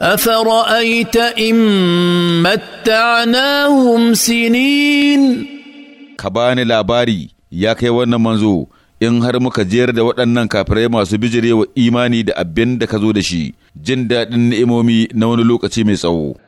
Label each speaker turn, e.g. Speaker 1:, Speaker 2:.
Speaker 1: أفرأيت إن متعناهم سنين
Speaker 2: كباني لاباري يا كي wannan manzo in har muka jiyar da waɗannan kafirai masu bijirewa imani da abin da ka zo da shi jin daɗin ni'imomi na wani lokaci mai tsawo